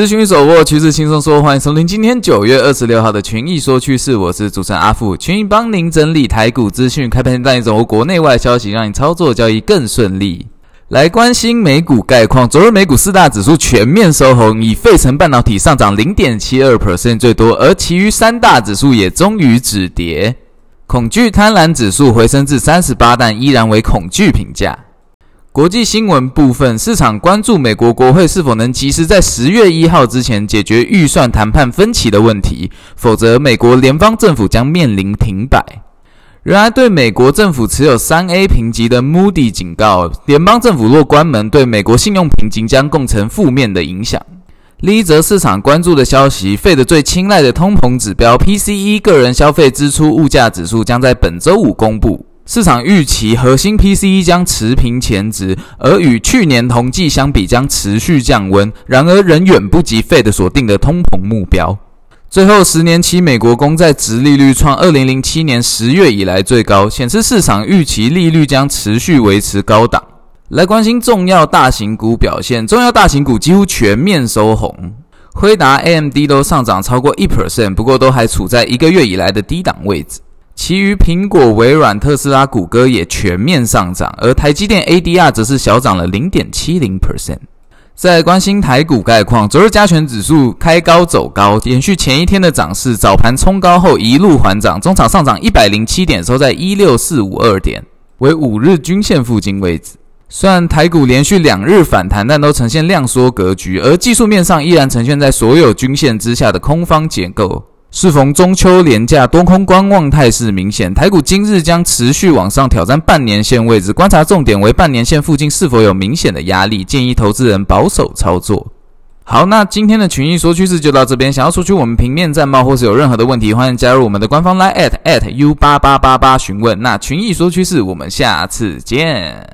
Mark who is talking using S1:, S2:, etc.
S1: 資訊一手握，趨勢輕鬆說，歡迎收聽今天九月二十六號的《群益說趨勢》，我是主持人阿富，群益幫您整理台股資訊，開盤帶你掌握國內外消息，讓你操作交易更順利。來關心美股概況，昨日美股四大指數全面收紅，以費城半導體上漲零點七二 percent 最多，而其餘三大指數也終於止跌，恐懼貪婪指數回升至三十八，但依然為恐懼評價。國際新聞部分，市場關注美國國會是否能及時在十月一號之前解決預算談判分歧的問題，否則美國聯邦政府將面臨停擺。然而，對美國政府持有三 A 評級的 Moody 警告，聯邦政府若關門，對美國信用評級將構成負面的影響。另一則市場關注的消息，Fed 最青睞的通膨指標 PCE 個人消費支出物價指數將在本周五公布。市場預期核心 PCE 將持平前值，而與去年同季相比將持續降溫。然而，仍遠不及 Fed 所定的通膨目標。最後，十年期美國公債殖利率創2007年10月以來最高，顯示市場預期利率將持續維持高檔。來關心重要大型股表現，重要大型股幾乎全面收紅，輝達、AMD 都上漲超過一 percent，不過都還處在一個月以來的低檔位置。其餘蘋果、微軟、特斯拉、谷歌、也全面上漲，而台積電 ADR 則是小漲了零點七零 percent。再來關心台股概況，昨日加權指數開高走高，延續前一天的漲勢，早盤衝高後一路緩漲，中場上漲一百零七點，收在一六四五二點，為五日均線附近位置。雖然台股連續兩日反彈，但都呈現量縮格局，而技術面上依然呈現在所有均線之下的空方結構。適逢中秋連假，多空觀望態勢明顯。台股今日將持續往上挑戰半年線位置，觀察重點為半年線附近是否有明顯的壓力。建議投資人保守操作。好，那今天的群益說趨勢就到這邊。想要索取我們平面戰報，或是有任何的問題，歡迎加入我們的官方 LINE at at u 八八八八詢問。那群益說趨勢，我們下次見。